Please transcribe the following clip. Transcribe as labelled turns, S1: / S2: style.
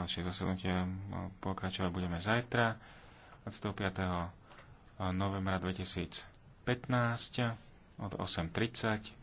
S1: ďalšie zasadnutie e, pokračovať budeme zajtra 25. novembra 2015 od
S2: 8.30